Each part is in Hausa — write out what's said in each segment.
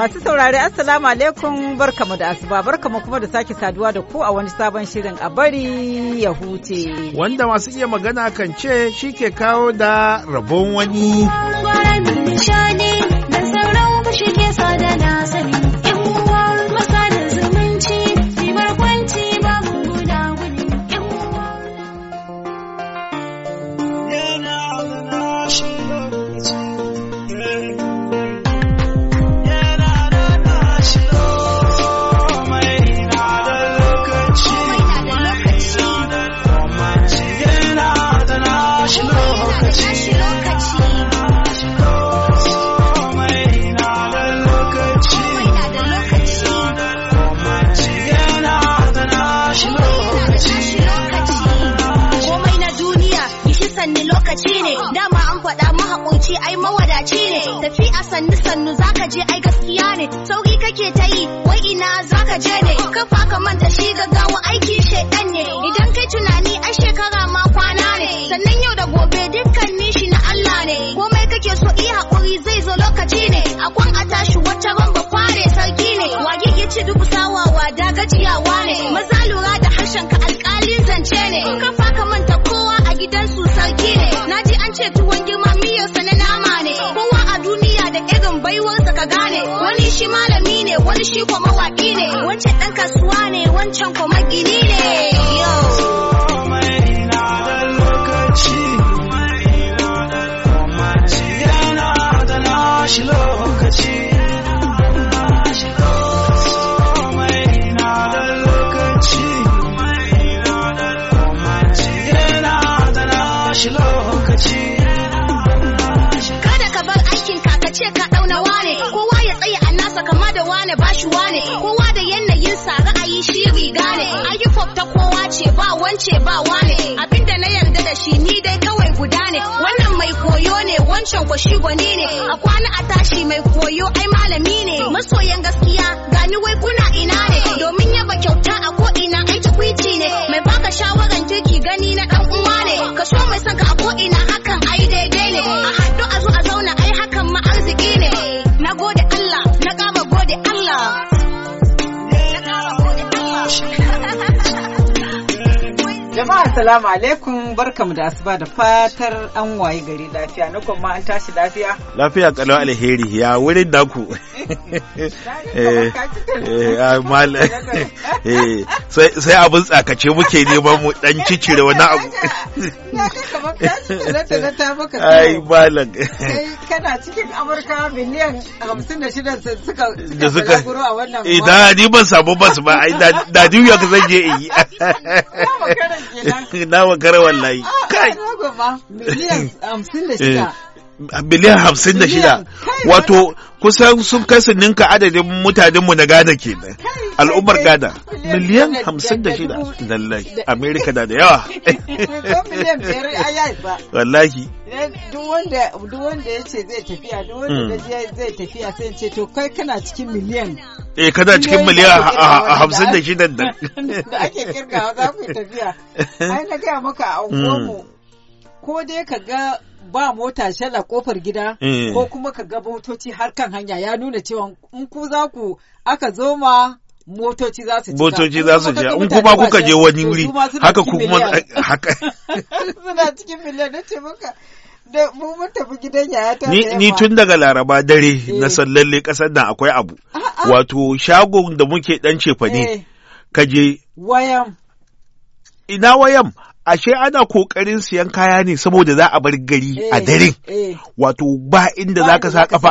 Masu saurare Assalamu alaikum barkamu da asuba barkamu kuma da sake saduwa da ku a wani sabon shirin a bari ya huce. Wanda masu iya magana kan ce shi ke kawo da rabon wani. nishadi da sauran shi ke sai kake ta yi wai ina zaka je ne kafa ka manta shi gaggawa aiki shedan ne idan kai tunani a shekara ma kwana ne sannan yau da gobe dukkanin shi na Allah ne komai kake so yi hakuri zai zo lokaci ne akwan a tashi wata ba kware sarki ne wage ya ce duk sawawa da gajiyawa ne maza lura da harshen ka alkalin zance ne kafa ka manta kowa a gidan su sarki ne naji an ce tuwon girma miyarsa na nama ne kowa a duniya da irin baiwarsa ka gane wani shi ma shi ko mawaki ne wancan dan kasuwa ne wancan ko magini ne yo ta kowa ce ba wance ba wane da na yarda da shi ni dai kawai guda ne wannan mai koyo ne wancan kwashi gwani ne a kwana a tashi mai koyo ai malami ne masoyan gaskiya Assalamu alaikum barkamu da asuba da fatar an waye gari lafiya na kuma an tashi lafiya. Lafiya kalau alheri ya wurin daku. Sai abin tsakace muke neman mu dan cicire wani abu. kamar ta maka ai kana cikin amurka miliyan hamsin da shida suka da suka a wannan idan eh, ni ban samu bas ba ai da new york zan je yi na makara wallahi ah, kai miliyan hamsin da shida eh. biliyan hamsin da shida wato kusan sun kai su ninka adadin mutanenmu na gada ke al'ummar gada miliyan hamsin da shida lallai amerika da da yawa wallahi eh, duk wanda ya ce zai tafiya duk wanda hmm. zai tafiya sai ce to kai kana cikin miliyan eh kana cikin miliyan hamsin da shida da ake kirgawa za ku tafiya ai na gaya maka a unguwarmu hmm. ko dai ka ga ba mota shela kofar gida eh. ko kuma ka ga motoci har kan hanya ya nuna cewa in ku za ku aka zo ma motoci za su motoci za su in kuma kuka je wani wuri haka kuma haka suna cikin miliyan na ce maka da mu mun tafi gidan yayata ni ni tun daga laraba dare eh. na sallalle kasar nan akwai abu wato shagon da muke dan cefane eh. ka kaje wayam ina wayam ashe ana kokarin siyan kaya ne saboda za a bar gari a eh, dare eh. wato ba inda za ka sa kafa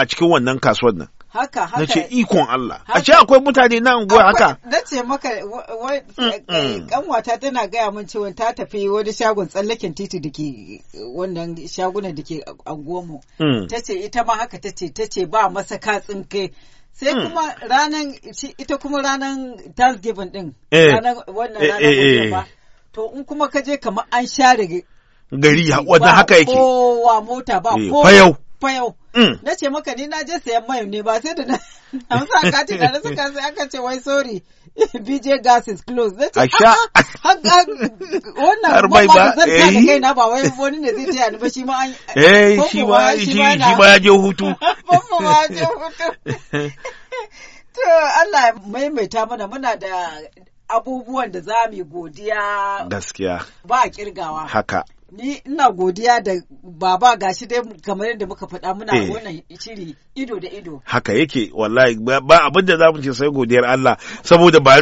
a cikin wannan kasuwar nan haka haka nace ikon Allah a ce akwai mutane na unguwa haka ce maka eh, wata tana gaya min cewa ta tafi wani shagon tsallaken titi dake wannan shagunan dake anguwar mu mm. tace ita ma haka tace tace ba masa katsin kai sai mm. kuma ranan ita kuma ranan Thanksgiving din ranan wannan ranan To in kuma ka je kamar an share gari ya wajen haka yake. Kowa mota ba eh, kowa. Fayau. Fayau. Mm. Na ce maka ni na je sayan mai ne ba sai da na amsa kati da na kan sai aka ce wai sorry BJ gas is close Na ce haka ah, ah, ah, wannan ba ba zan ta da eh. na ba wai wani ne zai taya ni ba shi ma an. Eh shi ma shi ma ya je hutu. Bamu ma ya je hutu. To Allah maimaita mana muna da abubuwan da za mu godiya gaskiya ba kirgawa haka ni ina godiya da baba gashi dai kamar yadda muka faɗa muna eh. wannan shiri ido da ido haka yake wallahi ba abin da mu ce sai godiyar Allah saboda ba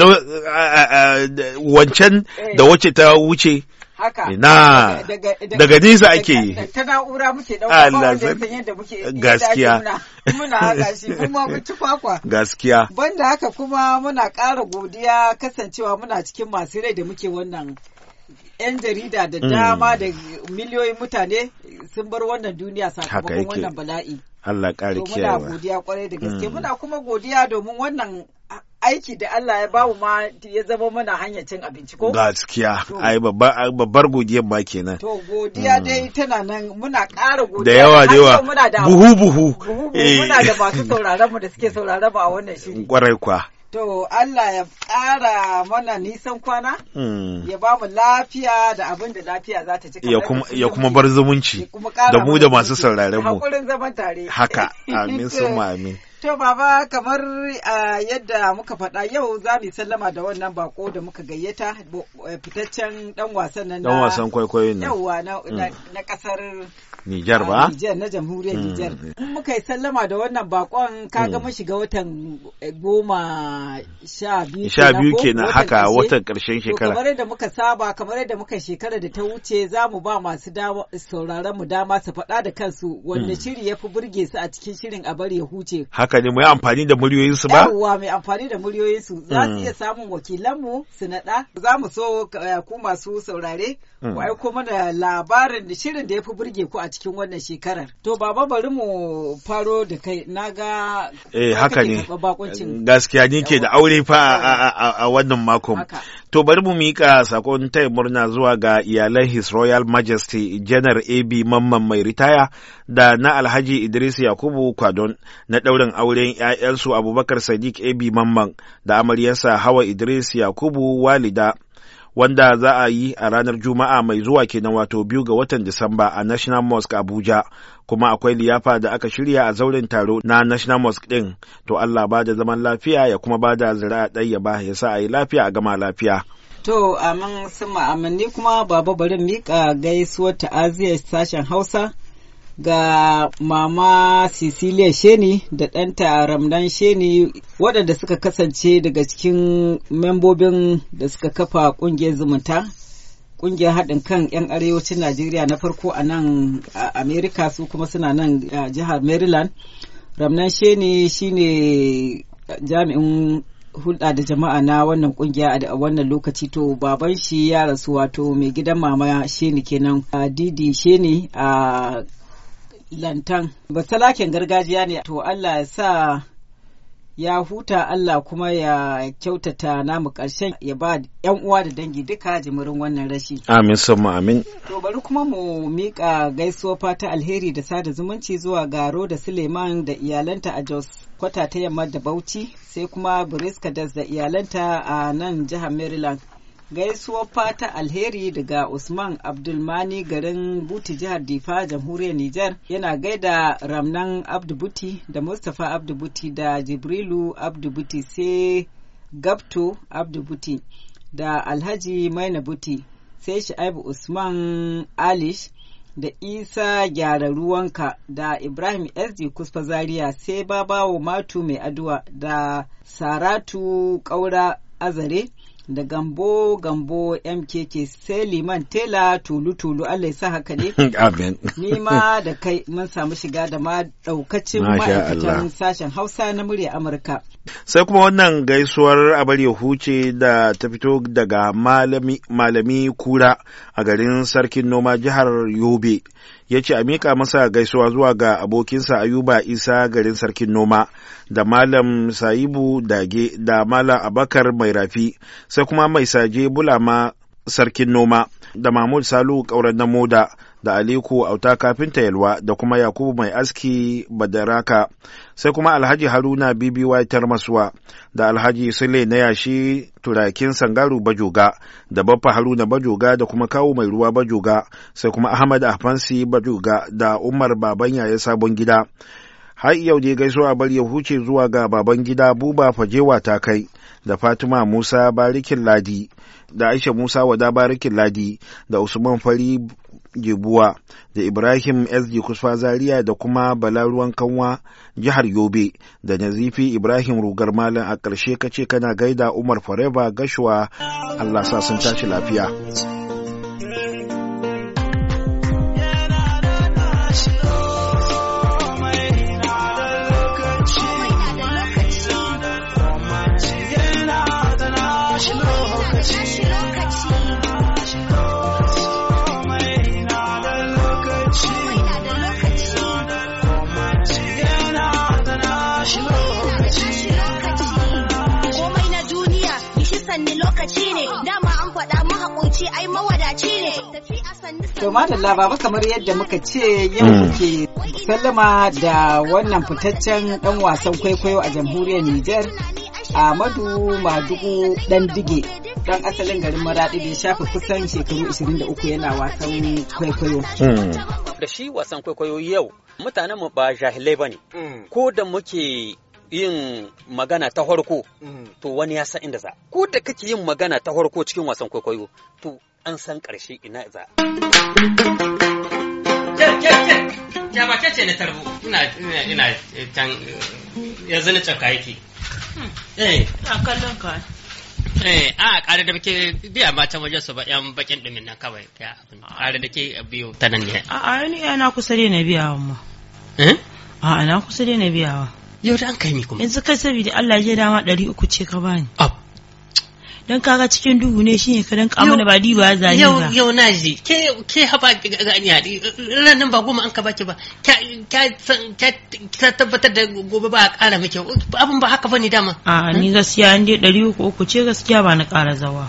wancan eh. da wacce ta wuce haka ina daga nisa ake yi ta na'ura muke ɗauka ba wanda san yadda muke gaskiya muna haka shi kuma mutu kwakwa gaskiya banda haka kuma muna ƙara godiya kasancewa muna cikin masu rai da muke wannan 'yan jarida da mm. dama da miliyoyin mutane sun bar wannan duniya sakamakon wannan bala'i. Allah ƙara kiyaye. Muna godiya kwarai da gaske. Mm. Muna kuma godiya domin wannan aiki da Allah ya bamu ma ya zama mana hanyar cin abinci ko gaskiya ai babbar godiyar ma kenan to godiya mm. dai tana nan muna ƙara godiya da yawa da yawa buhu buhu eh. muna da masu sauraron mu da suke sauraron mu a wannan shiri kwarai kwa To Allah ya ƙara mana nisan kwana, mm. ya ba mu lafiya da abin da lafiya za ta ci. Ya kuma bar zumunci da mu da masu sauraron mu. Hakurin zaman tare. Haka, amin su amin. To baba kamar yadda muka faɗa yau za mu sallama da wannan bako da muka gayyata eh, fitaccen dan wasan nan dan wasan kwaikwayo ne yauwa na mm. na kasar Nijar ba Nijar na jamhuriyar mm. Nijar in muka yi sallama da wannan bakon ga mm. mun shiga watan eh, goma sha biyu sha biyu kenan haka watan karshen shekara kamar yadda muka saba kamar yadda muka shekara da ta wuce za mu ba masu sauraron mu dama su faɗa da kansu wanda shiri ya fi burge su a cikin shirin a bari ya huce haka ne mu yi amfani da muryoyinsu ba? Yawwa mai amfani da muryoyinsu za su hmm. iya samun wakilanmu su naɗa. Za mu so eh, ku masu saurare ku hmm. aiko mana labarin da shirin da ya fi burge ku a cikin wannan shekarar. To baba bari mu faro da kai na ga. Eh haka ne gaskiya ni ke da aure fa a wannan makon. To bari mu mika sakon taya murna zuwa ga iyalan His Royal Majesty Janar AB Mamman mai ritaya da na Alhaji Idris Yakubu Kwadon na ɗaurin auren 'ya'yansu Abubakar Sadiq AB Mamman da amaryarsa Hawa Idris Yakubu Walida wanda za a yi a ranar juma'a mai zuwa kenan wato biyu ga watan disamba a national mosque abuja kuma akwai liyafa da aka shirya a zauren taro na national mosque din to allah ba da zaman lafiya ya kuma ba da zira'a ɗaya ba ya sa a yi lafiya a gama lafiya To, amin sun ma'amanni kuma baba bari mika gaisuwar ta'aziyar sashen Hausa ga mama Cecilia Sheni da ɗanta Ramdan Sheni waɗanda suka kasance daga cikin membobin da suka kafa ƙungiyar zumunta ƙungiyar haɗin kan 'yan arewacin Najeriya na farko a nan Amerika su kuma suna nan a jihar Maryland. Ramdan Sheni shine jami'in hulɗa da jama'a na wannan ƙungiya a wannan lokaci to baban shi ya rasu wato mai gidan mama sheni kenan a didi sheni a lantan basalaken gargajiya ne to allah ya sa ya huta allah kuma ya kyautata namu ƙarshen ya ba yan uwa da dangi duka jimirin wannan rashi amin sama amin to bari kuma mu miƙa gaisuwa fata alheri da sada zumunci zuwa garo da suleiman da iyalanta a jos kwata ta yamma da bauchi sai kuma briskadas da iyalanta a nan jihar maryland gaisuwar fata alheri daga usman abdulmani garin buti jihar difa jamhuriyar niger yana gaida ramnan abdubuti da mustapha abdubuti da jibrilu abdubuti sai gabto abdubuti da alhaji maina buti sai shi'aibu usman alish da isa gyara ruwanka da ibrahim sd kusfa zaria sai babawo matu mai aduwa da saratu kaura azare da gambo gambo mkk sai liman tela tulu tulu allah sa haka ne ni ma da kai mun samu shiga da ma daukacin ma'aikatan sashen hausa na murya amurka sai kuma wannan gaisuwar abar huce da ta fito daga malami kura a garin sarkin noma jihar yobe ya ce a miƙa masa gaisuwa zuwa ga abokinsa ayuba isa garin sarkin noma da malam sa'ibu dage da malam abakar mai rafi sai kuma mai saje bulama sarkin noma da mahmud salu ƙauren na moda da Aliku Auta Kafinta Yalwa da kuma Yakubu Mai Aski Badaraka, sai kuma Alhaji Haruna BBY Tarmasuwa da Alhaji Sule na yashi turakin Sangaru Bajoga da Baffa Haruna Bajoga da kuma Kawu Mai Ruwa Bajoga, sai kuma Ahmad Afansi Bajoga da Umar Baban Yaya Sabon Gida. har yau dai gaisuwa bari ya huce zuwa ga baban gida buba fajewa ta kai da fatima musa barikin ladi da aisha musa wada barikin ladi da usman fari gebuwa da ibrahim sg kusfa zaria da kuma balaruwan kanwa jihar yobe da nazifi ibrahim rugar malam a ƙarshe kace kana gaida umar forever gashuwa allah sa sun tashi lafiya To madalla baba kamar yadda muka ce yau hmm. ke sallama da wannan fitaccen dan wasan kwaikwayo a jamhuriyar Nijar Ahmadu Madugu dan dige dan asalin garin Maradi da ya kusan shekaru 23 yana wasan kwaikwayo. Hmm. Da shi wasan kwaikwayo yau mutanen mu ba jahilai bane. Hmm. Ko da muke yin magana ta farko to wani ya san inda za. Ko da kake yin magana ta farko cikin wasan kwaikwayo to an san ƙarshe ina za. Kyamace ce na tarbo ina can eh, eh, yanzu na cakka yake. Hmm. Eh. A kallon ka. Eh, a ƙara da muke biya ma can wajen su ba ƴan bakin ɗumin nan kawai ya abin. Ƙara da ke biyo ta nan ne. A a ni ana eh, kusa dai na biya wa ma. Eh? A ana kusa dai na biya wa. Yau da an kai ni kuma. Yanzu kai da Allah ya dama ɗari uku ce ka bani. Ab. don kaga cikin duhu ne shine ka dan kamuna ba di ba zani ba yau na ji ke ke haba gani hadi ranan ba goma an ka baki ba ka ka tabbatar da gobe ba a kara miki abin ba haka bane dama a ni eh? gaskiya an dai 300 uku ce gaskiya ba na kara zawa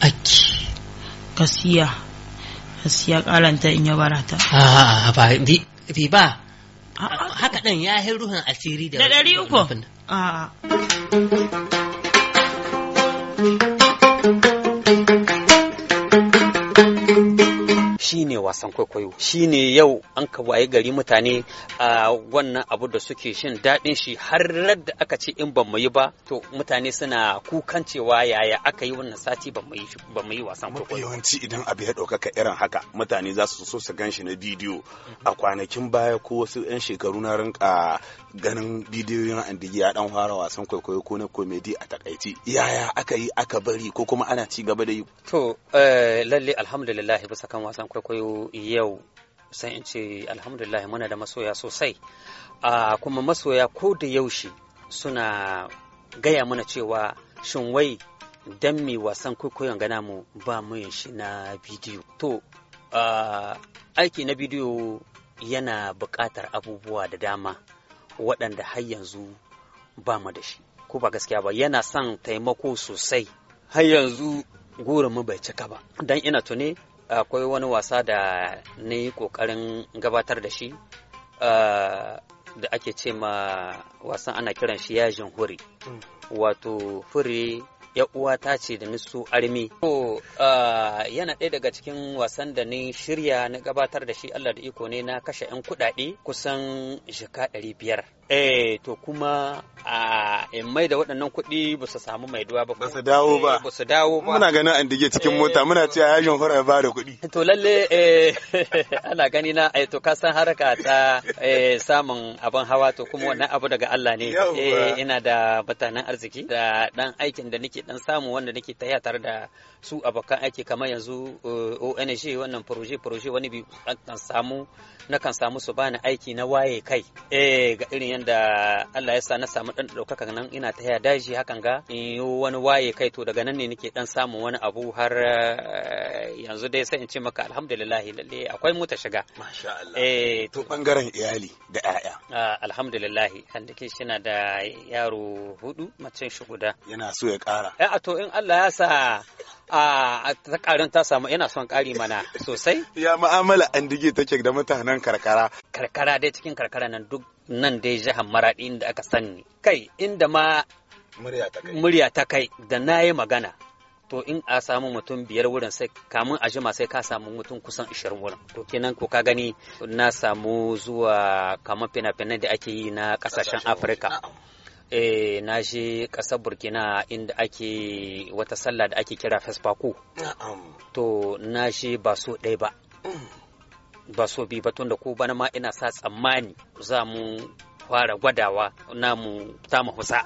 aki gaskiya gaskiya karanta in ya barata a ah, ah, ba bi ba ah, haka dan ya hin ruhun asiri da da 300 a Thank you. ne wasan kwaikwayo shine yau an ka waye gari mutane a wannan abu da suke shin daɗin shi har da aka ce in ban yi ba to mutane suna kukan cewa yaya aka yi wannan sati ban yi wasan kwaikwayo yawanci idan abu ya ɗaukaka irin haka mutane za su so su gan shi na bidiyo a kwanakin baya ko wasu 'yan shekaru na rinka ganin bidiyoyin andigi ya dan fara wasan kwaikwayo ko na komedi a takaici yaya aka yi aka bari ko kuma ana ci gaba da yi to eh, lalle alhamdulillah bisa kan wasan kwaikwayo yau sai in ce alhamdulillah muna da masoya sosai a kuma masoya ko da yaushe suna gaya mana cewa shin wai dan me wasan kwaikwayon gana mu ba mu yin shi na bidiyo to aiki na bidiyo yana buƙatar abubuwa da dama waɗanda har yanzu ba mu da shi ko ba gaskiya ba yana son taimako sosai har yanzu goron mu bai cika ba don ina tune akwai wani wasa da na yi kokarin gabatar da shi eh, da ake ce ma wasan ana kiran shi yajin huri mm. wato huri ya uwa ta ce da nisu armi to eh, yana ɗaya daga cikin wasan da ni shirya na gabatar da shi allah da iko ne na kashe 'yan kuɗaɗe kusan jika 500 eh to kuma a in mai da waɗannan kuɗi ba su samu mai duwa ba ba su dawo ba eh, ba su dawo ba muna ganin an dige cikin mota muna a yajin fara ba da kuɗi to lalle eh ana gani na eh to ka san haraka ta eh samun abin hawa to kuma wannan abu daga Allah ne eh ina da mutanen arziki da dan aikin da nake dan samu wanda nake taya tare da su abokan aiki kamar yanzu eh, ONG wannan proje proje wani bi kan samu na kan samu su bani aiki na waye kai eh ga irin yadda Allah ya sa na samu dan ɗaukaka nan ina ta ya daji hakan ga in yi wani waye kai to daga nan ne nake dan samun wani abu har eh, yanzu dai sai in ce maka alhamdulillah lalle akwai mota ta shiga masha Allah eh to bangaren iyali da ƴaƴa alhamdulillah dake shi na da yaro hudu macen shi guda yana so ya ƙara eh to in Allah ya sa a karin ta samu yana son kari mana sosai ya ma'amala an dige take da mutanen karkara karkara dai cikin karkara nan duk nan dai jihar maradi inda aka sani kai inda ma murya ta kai da na yi magana to in a samu mutum biyar wurin sai kamun a jima sai ka samu mutum kusan ishirin wurin to kenan ko ka gani na samu zuwa kamar fina finai da ake yi na kasashen afirka eh na je kasar burkina inda ake wata sallah da ake kira fesfaku to na je ba so ɗaya ba mm. ba so bi ba tun da ko bana ma ina sa tsammani za mu fara gwadawa namu mu husa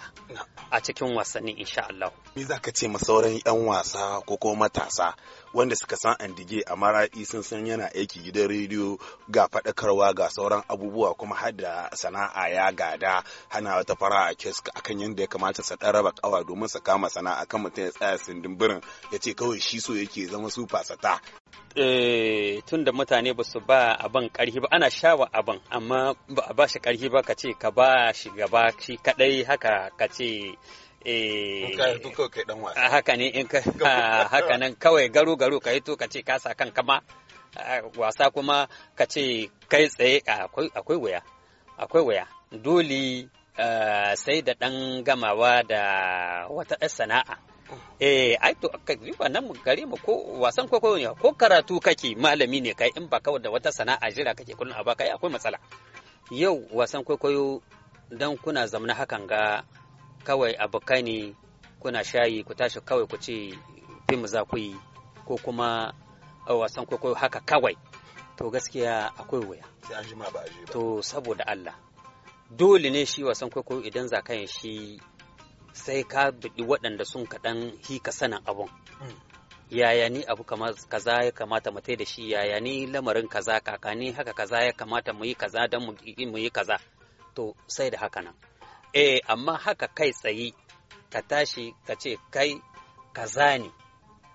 a cikin wasanni insha Allah. Me za ka ce ma sauran 'yan wasa ko ko matasa wanda suka san andige a maraɗi sun san yana aiki gidan rediyo ga faɗakarwa ga sauran abubuwa kuma har da sana'a ya gada hana wata fara a kisk akan yadda ya kamata su ɗan raba ƙawa domin su kama sana'a kan mutum ya tsaya sindimbirin ya ce kawai shi so yake zama su fasata Eh, tun da mutane ba su ba abin karhi ba ana shawa abin amma ba a ba shi karhi ba ka ce ka ba shi gaba shi kadai haka ka ce eh, haka ne in ka haka nan kawai garu garu ka hito ka ce ka sa kan kama wasa kuma ka ce kai tsaye akwai waya akwai waya dole eh, sai da ɗan gamawa da wata sana'a eh ai to yi riba nan gare mu ko wasan kwaikwayo ne ko karatu kake malami ne kai in ba kawai da wata sana'a jira kake kullun a baka akwai matsala yau wasan kwaikwayo dan kuna zamna hakan ga kawai abokai ne kuna shayi ku tashi kawai ku ce fim za ku yi ko kuma wasan kwaikwayo haka kawai to gaskiya akwai wuya to saboda Allah dole ne shi wasan kwaikwayo idan za ka shi sai ka biɗi waɗanda sun kaɗan hika sanin abun hmm. yaya ni abu kaza ya kamata mu da shi yaya ni lamarin kaza kakani haka kaza ya kamata mu yi kaza don mu yi kaza to sai da haka nan eh amma haka kai tsayi ka tashi ka ce kai kaza ne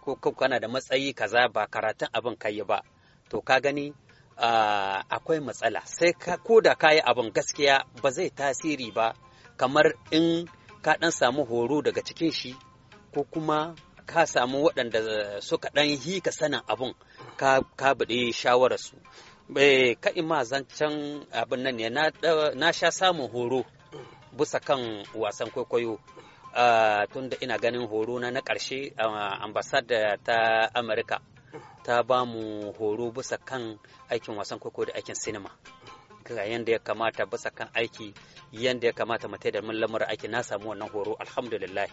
ko kana da matsayi kaza ba karatun abin kai ba to ka gani akwai matsala sai ko da kayi abin gaskiya ba zai tasiri ba kamar in ka ɗan samu horo daga cikin shi ko kuma ka samu waɗanda suka ɗan yi ka sanin abun ka buɗe shawararsu eh, kai ma zancen abin nan ne na sha samun horo bisa kan wasan kwaikwayo ah, tun da ina ganin horo na na ƙarshe ah, ambasada ta amurka ta ba mu horo busa kan aikin wasan kwaikwayo da aikin sinima ga yanda ya kamata bisa kan aiki yanda ya kamata mu da mun lamura aiki na samu wannan horo alhamdulillah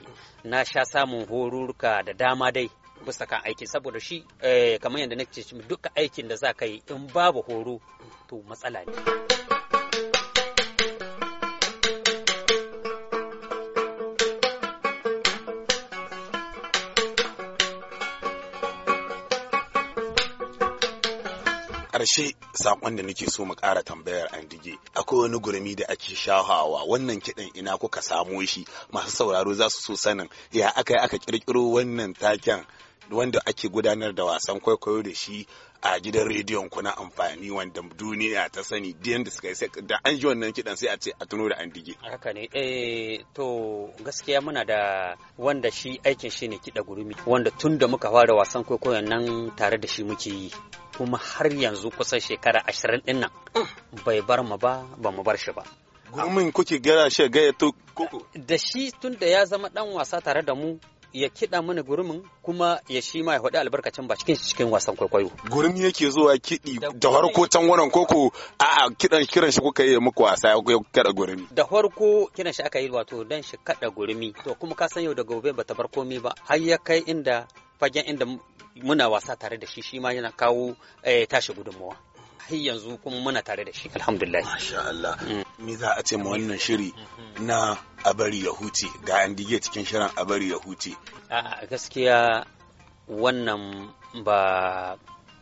na sha samun horuruka da dama dai bisa kan aiki saboda shi eh, kamar yadda nake ce duka aikin da za ka yi in babu horo to matsala ne Kashe, sakon da nake so mu ƙara tambayar an dige akwai wani gurmi da ake shahawa wannan kiɗan ina kuka samo shi masu sauraro za su so sanin ya aka yi aka ƙirƙiro wannan taken wanda ake gudanar da wasan kwaikwayo da shi a gidan rediyon ku na amfani wanda duniya ta sani diyan da suka yi da an ji wannan kidan sai a ce a tuno da an dige haka ne eh to gaskiya muna da wanda shi aikin shi ne kida gurumi wanda tun da muka fara wasan kwaikwayon nan tare da shi muke yi kuma har yanzu kusan shekara ashirin din nan bai bar mu ba ba mu bar shi ba gurumin kuke gara shi ya to koko da shi tun da ya zama dan wasa tare da mu ya kiɗa mana gurumin kuma ya shi ma ya faɗi albarkacin ba cikin cikin wasan kwaikwayo. Gurumi yake zuwa kiɗi da farko can wannan koko a kiɗan kiran shi kuka yi muku wasa ya kaɗa gurumi. Da farko kiran shi aka yi wato dan shi kaɗa gurumi to kuma ka san yau da gobe ba ta bar komai ba har ya kai inda fagen inda muna wasa tare da shi shi ma yana kawo eh, tashi gudunmawa. har yanzu kuma muna tare da shi alhamdulillah masha Allah mm. me za a ce ma wannan shiri mm-hmm. na a bari ya huce ga an dige cikin shirin a bari ya huce a gaskiya wannan ba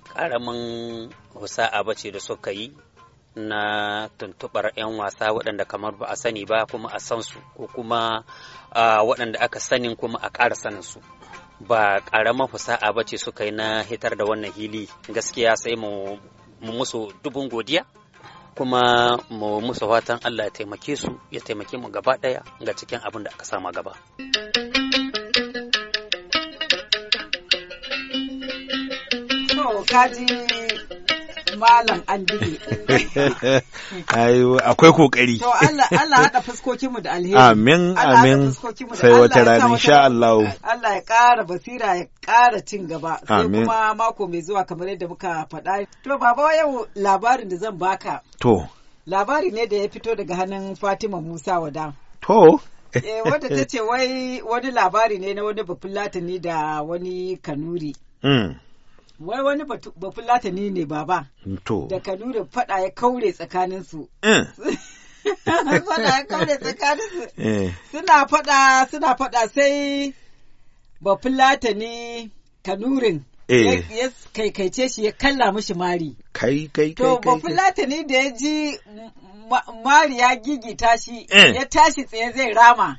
karamin husa'a ba ce da suka yi na tuntubar 'yan wasa waɗanda kamar ba a sani ba kuma a san su ko kuma waɗanda aka sani kuma a ƙara sanin su ba ƙaramin fusa'a ba ce suka yi na hitar da wannan hili gaskiya sai mu mu musu dubun godiya kuma mu musu fatan Allah ya taimake su ya taimake mu gaba daya ga cikin abin da aka sama gaba. Oh, malam an dige akwai kokari to Allah Allah hada fuskokin mu da alheri amin amin sai wata rana insha Allah Allah ya ƙara basira ya ƙara cin gaba sai kuma mako mai zuwa kamar yadda muka faɗa to baba yau labarin da zan baka to labari ne da ya fito daga hannun Fatima Musa wada to eh wadda ta ce wai wani labari ne na wani bafin latani da wani kanuri mm. wai wani bafulatani ne baba da kanu da ya tsakaninsu fada ya kaure tsakaninsu eh. eh. suna fada suna fada sai bafulatani kanurin eh. ya kaikaice shi ya kalla mishi mari kai kai kai to bafulatani da ya ji mari ya gigita shi ya tashi tsaye zai rama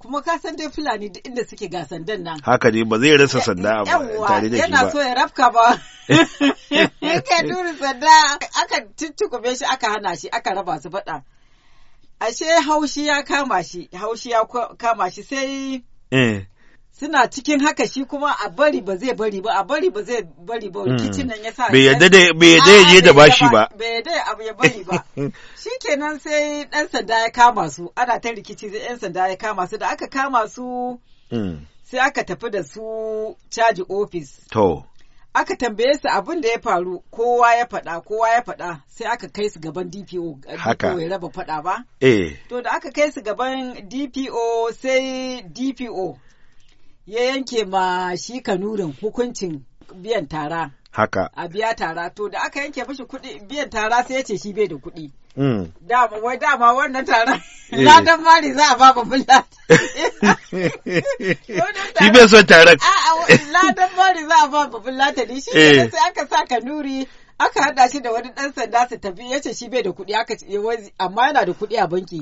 kuma ka san dai fulani duk inda suke ga sandan nan haka ne ba zai rasa eh, sanda ba tare da shi ba yana so ya rafka ba yake duri sanda aka tuttukube shi aka hana shi aka raba su faɗa ashe haushi ya kama shi haushi ya kama shi sai eh. suna cikin haka shi kuma a bari ba zai bari ba a bari ba zai bari ba hmm. rikicin nan ya sa bai yadda da bai yadda ya da bashi ba bai yadda abu ya bari ba shikenan sai dan sanda ya kama su ana ta rikici sai yan sanda ya kama su da aka kama su hmm. sai aka tafi da su caji ofis to aka tambaye su abin da ya faru kowa ya faɗa kowa ya faɗa sai aka kai su gaban DPO eh, haka ya raba faɗa ba eh to da aka kai su gaban DPO sai DPO ya yanke ma shi kanurin hukuncin biyan tara. Haka. A biya tara to da aka yanke mashi kuɗi biyan tara sai ya ce shi bai da kuɗi. Mm. Dama wai dama wannan taron eh. ladan mari za a ba ba bulla. Shi bai son tara. A'a ladan mari za a ba ba bulla ta ne shi eh. sai aka sa kanuri aka hada shi da wani dan sanda su tafi ya ce shi bai da kuɗi aka ce eh, amma yana da kuɗi a banki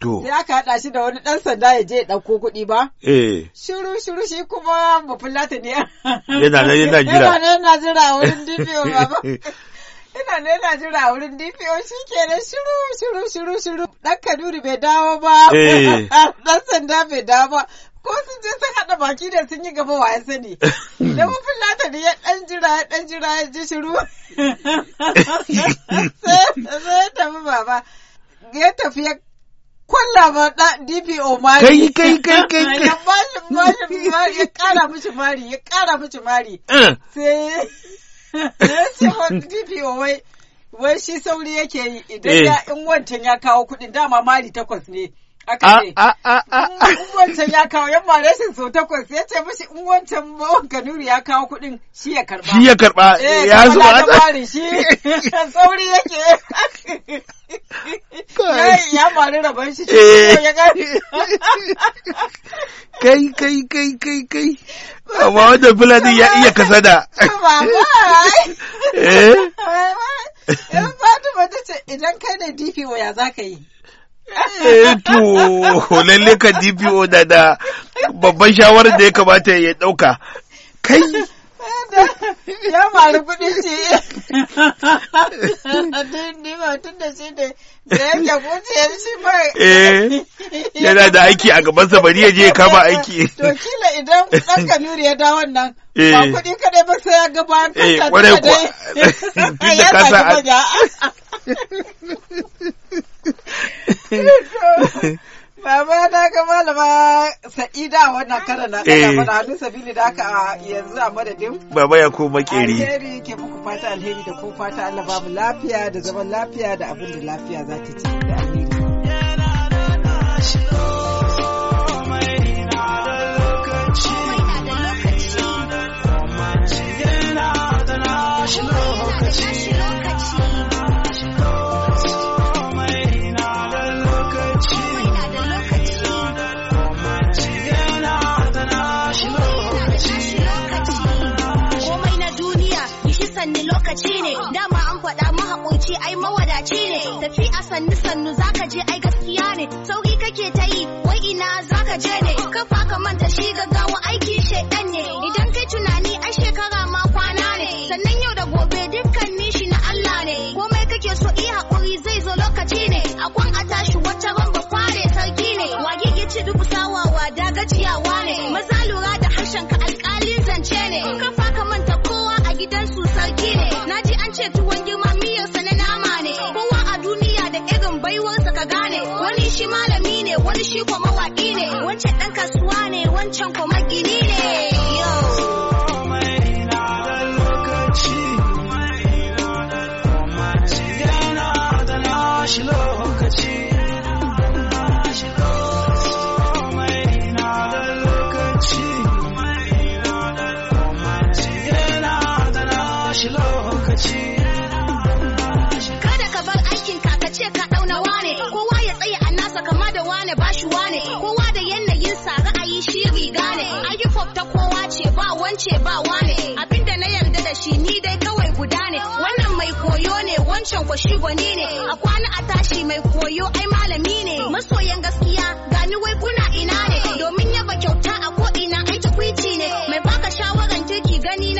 to sai aka hada shi da wani dan sanda ya je ya dauko kuɗi ba eh shiru shiru shi kuma mafulata ne yana nan yana jira yana nan yana jira a wurin DPO baba ina nan yana jira a wurin DPO shikenan shiru shiru shiru shiru dan Kaduri bai dawo ba dan eh. sanda bai dawo ba ko sun je sun haɗa baki da sun yi gaba wa sani da mafi latar ya ɗan jira ya ɗan jira ya ji shiru sai ya tafi baba ya tafi ya kwalla ba da DPO mari. Kai kai kai kai kai. Ya bashi bashi mari ya kara mishi mari ya kara mishi mari. Eh. Sai ya ce wa DPO wai wai shi sauri yake yi idan ya eh. in wancan ya kawo kuɗin dama mari takwas ne. Aka ah, ce. Ah, ah, mm, wancan ya kawo yan malashin so takwas ya ce mashi in wancan mawan kanuri ya kawo kuɗin shi ya karba. Shi ya karba eh, ya zuba a shi sauri yake. Ya mari rabon shi eh. ya Kai kai kai kai kai. Amma wanda Fulani ya iya kasada. Eh. Fatima ta ce idan kai ne DP ya za ka yi. to lalle ka DPO da da babban shawarar da ya kamata ya ɗauka. Kai ya mari kuɗi ce ni ba tun da shi da yanke ya shi ba eh yana da aiki a gaban sa bari ya je ya kama aiki to kila idan dan nuri ya dawo nan ba eh. kuɗi kaɗai ba sai ya ga eh kuwa tun da Mama na ga malama sa'ida wannan kada na kada eh. mana halin sabili da aka yanzu a madadin. Baba ya ko makeri. Alheri ke muku fata alheri da ko fata Allah ba lafiya da zaman lafiya da abin da lafiya za ta ci da alheri. Yana da lokaci. Yana da lokaci. sanni lokaci ne dama an faɗa mahaƙoci ai mawadaci ne tafi a sanni sannu zaka je ai gaskiya ne sauki kake ta yi wai ina zaka je ne kafa ka manta shi gaggawa aiki shedan ne idan kai tunani ai shekara ma kwana ne sannan yau da gobe dukkanin shi na Allah ne komai kake so yi haƙuri zai zo lokaci ne akwan a tashi wata ramba kware sarki ne wage ya ce duk sawawa da gajiyawa ne maza lura da harshen ka alƙalin zance ne ce tuwon girma sa na nama ne kowa a duniya da irin baiwarsa ka gane wani shi malami ne wani shi kuma mawaki ne wancan ɗan kasuwa ne wancan kuma magini ne lokaci wuce ba wane da na yarda da shi ni dai kawai guda ne wannan mai koyo ne wancan kwa shi gwani ne a kwana a tashi mai koyo ai malami ne masoyan gaskiya gani wai kuna ina ne domin yaba kyauta a ko ina ai kwici ne mai baka shawaran kirki gani na